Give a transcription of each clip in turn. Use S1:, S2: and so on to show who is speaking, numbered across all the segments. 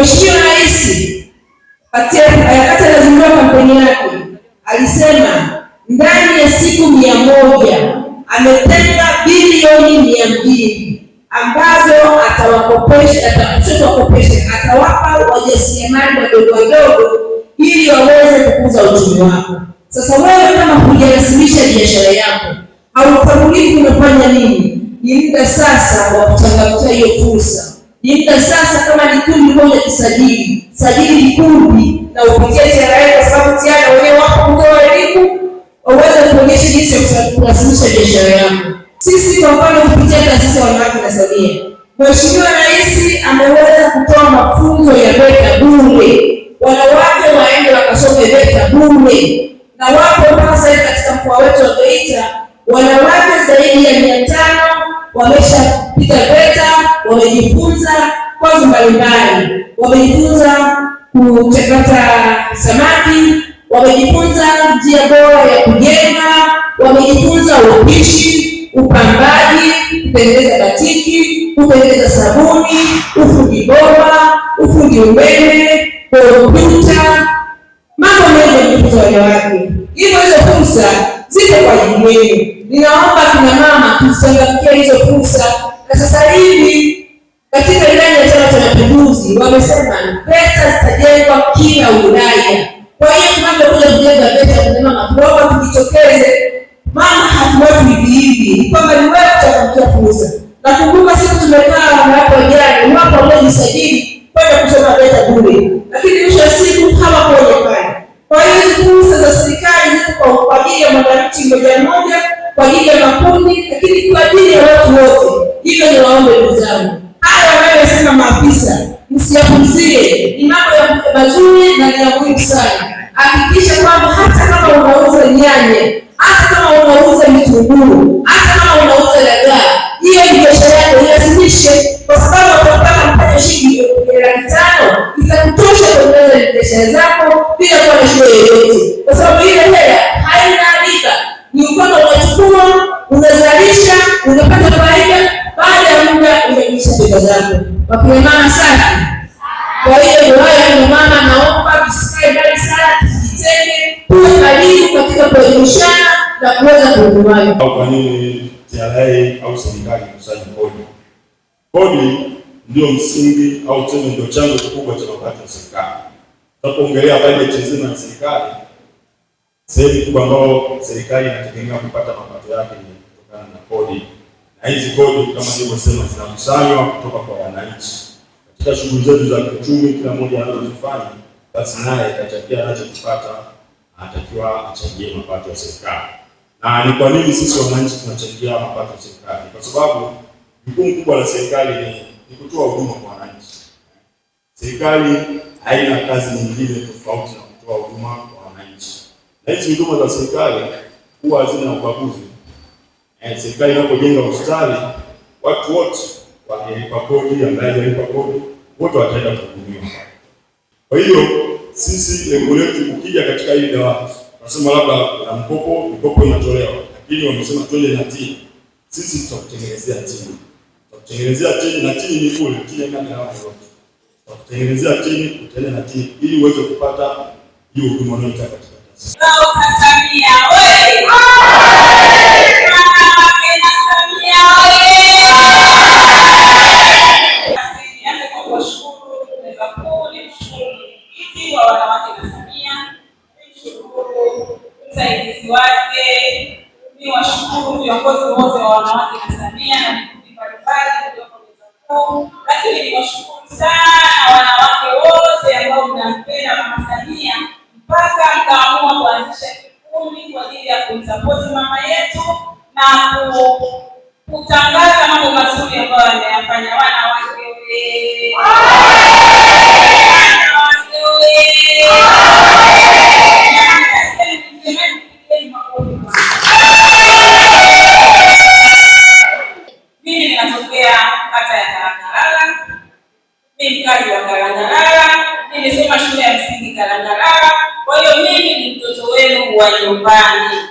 S1: Mheshimiwa Rais wakati anazindua kampeni yake alisema ndani ya siku mia moja ametenga bilioni mia mbili ambazo atawakopesha atakopesha atawapa wajasiriamali wadogo wadogo ili waweze kukuza uchumi wako. Sasa wewe kama hujarasimisha biashara yako hautambuliki unafanya nini, ni muda sasa wa kuchangamkia hiyo fursa. Jipta sasa kama ni kundi moja tusajili, sajili vikundi na upitie TRA kwa sababu TRA wenyewe wako kutoa elimu, waweze kuonyesha jinsi ya kuwasilisha biashara yako. Sisi kwa mfano kupitia taasisi ya wanawake na Samia, Mheshimiwa Rais ameweza kutoa mafunzo ya VETA bure, wanawake waende wakasome VETA bure, na wapo mpaka sasa katika mkoa wetu wa Geita wanawake zaidi ya wamejifunza kwazo mbalimbali, wamejifunza kuchakata samaki, wamejifunza njia bora ya kujenga, wamejifunza upishi, upambaji, kutengeneza batiki, kutengeneza sabuni, ufundi bomba, ufundi umeme, kompyuta, mambo mengi wamejifunza wale wake. Hivyo hizo fursa zipo kwa ajili yenu. Ninaomba kina mama, tuzichangamkia hizo fursa na sasa hivi katika ilani ya Chama cha Mapinduzi wamesema VETA zitajengwa kila wilaya. Kwa hiyo tunapokuja kujenga VETA tunasema nakuomba tujitokeze, maana hatuwatu hivi hivi, kwamba ni wewe utakamkia fursa. Nakumbuka siku tumekaa hapo jana, mwaka uliojisajili kwenda kusoma VETA bure wakiwemama safi. Kwa hiyo ndio wale mama, naomba tusikae mbali sana, tusijitenge, tuwe karibu katika kuelimishana na kuweza kuelewana.
S2: Kwa nini TRA au serikali kusanya kodi? Kodi ndio msingi au tena ndio chanzo kikubwa cha mapato ya serikali. Tunapoongelea bajeti nzima ya serikali, sehemu kubwa ambayo serikali inategemea kupata mapato yake ni kutokana na kodi na hizi kodi kama nilivyosema zinakusanywa kutoka kwa wananchi katika shughuli zetu za kiuchumi. Kila mmoja anazofanya basi, naye atachangia anachokipata, anatakiwa achangie mapato ya serikali. Na ni kwa nini sisi wananchi tunachangia mapato ya serikali? Kwa sababu jukumu kubwa la serikali ni, ni kutoa huduma kwa wananchi. Serikali haina kazi nyingine tofauti na kutoa huduma kwa wananchi, na hizi huduma za serikali huwa hazina ubaguzi eh, serikali inapojenga hospitali watu wote waliolipa kodi, ambaye hajalipa kodi wote wataenda kuhudumiwa. Kwa hiyo sisi lengo letu ukija katika hii dawati nasema labda na mkopo, mkopo inatolewa, lakini wamesema tuende na tini. Sisi tutakutengenezea tini, tutakutengenezea tini na tini ni kule timu kama na wale wote, tutakutengenezea tini, tutaenda na tini ili uweze kupata hiyo huduma unayotaka katika
S3: taasisi. Tanzania wewe na kutangaza mambo mazuri ambayo wanayafanya wanawake Mimi kata ya Kalangalala, ni wa Kalangalala, nimesoma shule ya msingi Kalangalala. Kwa hiyo mimi ni mtoto wenu wa nyumbani.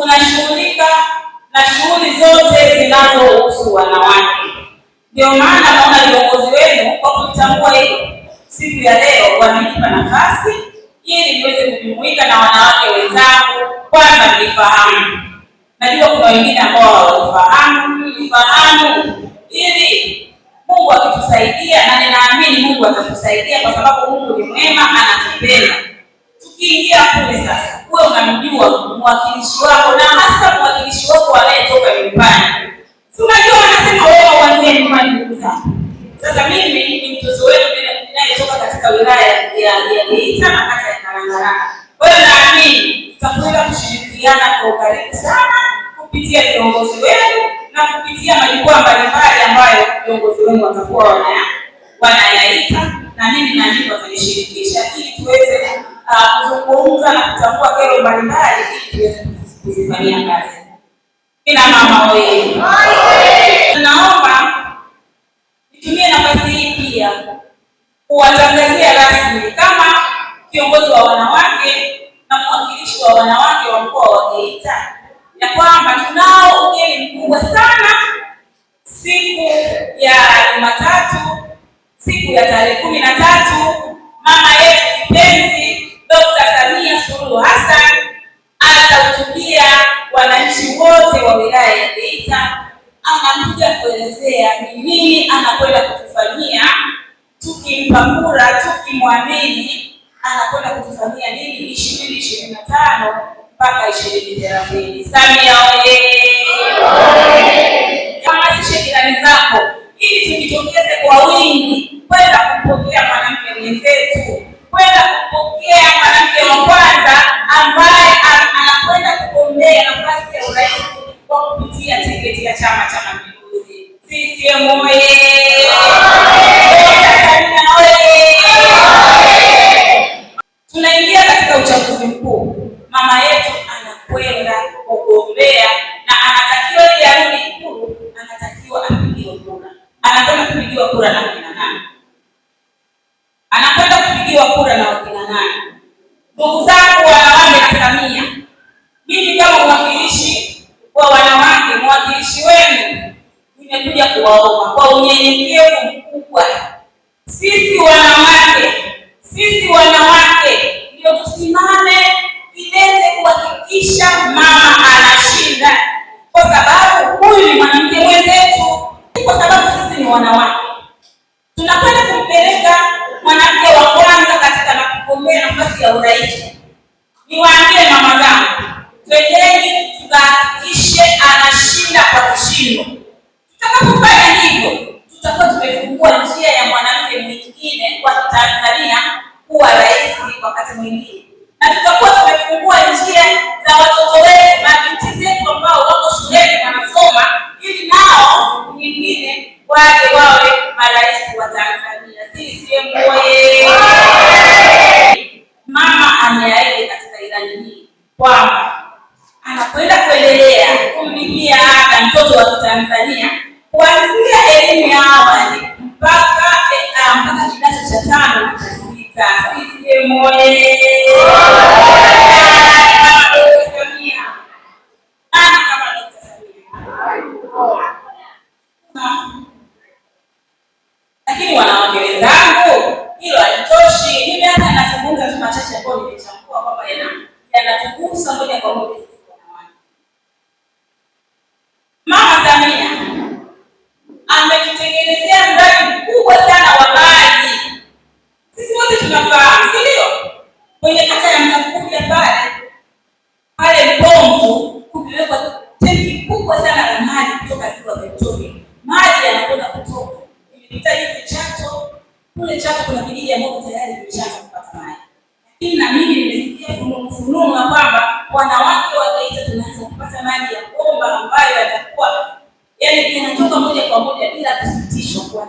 S3: tunashughulika na shughuli zote zinazohusu wanawake. Ndio maana naona viongozi wenu kwa kutambua hiyo, siku ya leo wamenipa nafasi ili niweze kujumuika na wanawake wenzangu, kwanza nifahamu. Najua kuna wengine ambao hawafahamu, nifahamu ili Mungu akitusaidia, na ninaamini Mungu atatusaidia kwa sababu Mungu ni mwema, anatupenda. Tukiingia kule sasa uwe unamjua mwakilishi wako na hasa mwakilishi wako anayetoka nyumbani. Unajua wanasema wewe uanzie nyumbani, ndugu Sasa mimi ni mtoto wenu ninayetoka katika wilaya ya Geita na kata ya Kalangalala. Kwa hiyo naamini tutakwenda kushirikiana kwa ukaribu sana kupitia viongozi wenu na kupitia majukwaa mbalimbali ambayo viongozi wenu watakuwa wanayaita na mimi naamini watanishirikisha ili tuweze kuzungumza na kutambua kero mbalimbali ili tuweze kuzifanyia kazi. Kina mama wewe, naomba nitumie nafasi hii pia kuwatangazia rasmi kama kiongozi wa wanawake na mwakilishi wa wanawake wa mkoa wa Geita ya kwamba tunao ugeni mkubwa sana siku ya Jumatatu, siku ya tarehe kumi na tatu, mama yetu kipenzi Dkt. Samia Suluhu Hassan atahutubia wananchi wote wa wilaya ya Geita. Anakuja kuelezea ni nini anakwenda kutufanyia, tukimpa kura, tukimwamini, anakwenda kutufanyia nini ishirini ishirini na tano mpaka ishirini thelathini. Samia oye! Hamasishe jirani zako ili tujitokeze kwa wingi kwenda kumpokea mwanamke mwenzetu, kwenda kumpokea Te amo, unyenyekevu mkubwa. Sisi wanawake, sisi wanawake ndio tusimame kidete kuhakikisha mama anashinda, kwa sababu huyu ni mwanamke mwenzetu, kwa sababu sisi ni wanawake. Tunakwenda kumpeleka mwanamke wa kwanza katika nakugombea nafasi ya urais. Niwaambie mama zangu, twendeni tukahakikishe anashinda kwa kishindo. Tutakapofanya hivyo wa Kitanzania kuwa rahisi wakati mwingine, na tutakuwa tumefungua njia za watoto wetu mabinti zetu ambao wako shuleni wanasoma, ili nao mwingine waje wawe marais wa Tanzania. Sisiemu oye! Mama ameahidi katika ilani hii kwamba anakwenda kuendelea kumlimia ada mtoto wa Kitanzania kuanzia elimu ya awali mpaka mpaka kidato cha tano cha sita. Lakini wanawake wenzangu, hilo halitoshi. Mimi hata nazungumza tu machache ambayo nimechambua kwamba yanatugusa moja kwa moja kwenye hata ya Mtakuja pale pale Bomvu kumewekwa tenki kubwa sana la maji kutoka ziwa Victoria, maji yanakwenda kutoka imepita imepitaji Chato kule. Chato kuna kijiji ambacho tayari kimeshaanza kupata maji, lakini na mimi nimesikia fununu kwamba wanawake wa Geita tunaanza kupata maji ya bomba ambayo yatakuwa yani yanatoka moja kwa moja bila kusitishwa kwa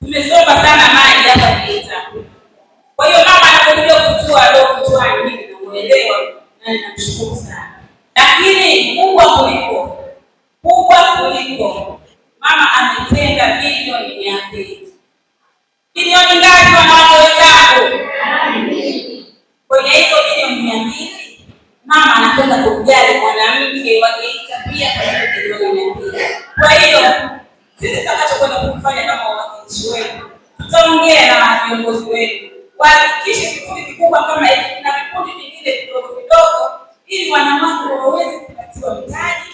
S3: Nimesoma sana maji hapa Geita. Kwa hiyo mama anapokuja kutua leo kutuani, mimi namuelewa na ninamshukuru sana. Lakini kubwa kuliko kubwa kuliko mama ametenga bilioni mia mbili. Bilioni ngapi wanawake Kwenye hizo bilioni mia mbili mama anapenda kumjali mwanamke wa Geita pia kwenye bilioni mia mbili. Kwa hiyo sisi tutakachokwenda kufanya kama wawakilishi wenu, tutaongea na viongozi wenu wahakikishe vikundi vikubwa kama hivi na vikundi vingine vidogo vidogo, ili wanawake waweze kupatiwa mtaji,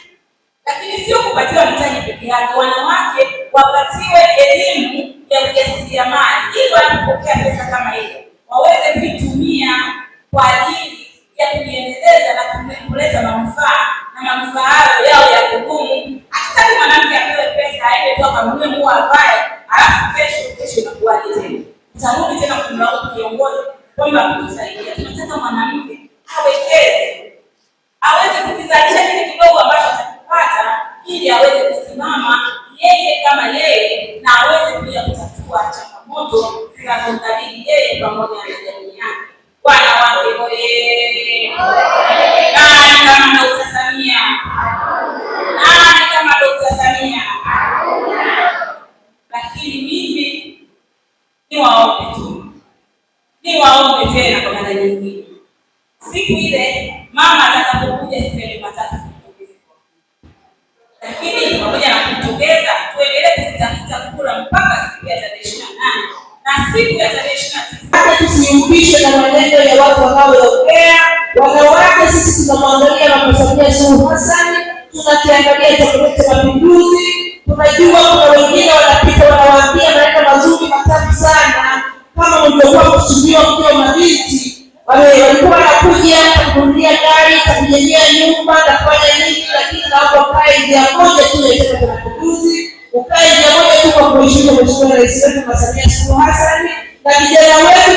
S3: lakini sio kupatiwa mtaji peke yake, wanawake wapatiwe elimu ya ujasiriamali, ili wanapopokea pesa kama hiyo waweze kuitumia kwa ajili ya kujiendeleza na kuleta manufaa na manufaa hayo yao ya kudumu. Hatutaki mwanamke apewe yote, tarudi tena kumlaumu kiongozi kwamba wengine. Siku ile mama atakapokuja sifeli matatu kumtogeza, lakini pamoja na kumtogeza tuendelee kuzitafuta kura mpaka siku ya tarehe ishirini na nane na siku ya tarehe ishirini na tisa hata tusiumbishwe na maneno ya watu wanaoongea. Wanawake sisi tunamwangalia Mama Samia Suluhu Hassan, tunakiangalia Chama cha Mapinduzi, tunajua kuna wengine wanapita wanawaambia maneno mazuri matatu sana, kama mlivyokuwa mkichumiwa mkiwa mabichi walikuwa nakuja takununulia gari, takujengea nyumba, takufanya nini, lakini naomba ukae njia moja tu mapinduzi, ukae njia moja tu kwa kuheshimu Mheshimiwa Rais wetu Mama Samia Suluhu Hassan na vijana wetu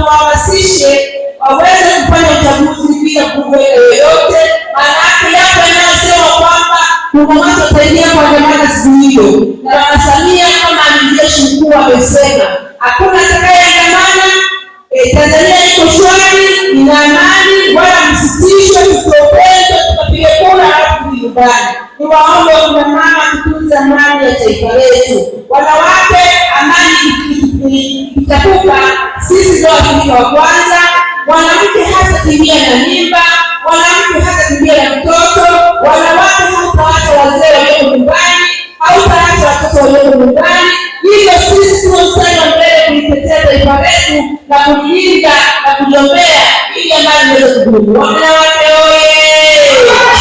S3: tuwahamasishe waweze kufanya uchaguzi bila kugoa yoyote. Maanake yapo yanayosema kwamba kukamatwa taidia kwa dhamana siku hiyo, na Mama Samia kama amiri mkuu amesema hakuna atakayeandamana eh, Tanzania isitishwe, tutopezwe, tukapige kura halafu tuikubali. Ni waombe wakina mama kutunza amani ya taifa letu, wanawake, amani itatupa sisi ndio washirika wa kwanza. Mwanamke kimbia na mimba, mwanamke kimbia na mtoto, wanawake hatawaacha wazee walioko nyumbani, hata watoto walioko nyumbani. Hivyo sisi tuwe mstari wa mbele kuitetea taifa letu na kujilinda na kujombea ili ambayo imeweza kudumu. Wanawake oye!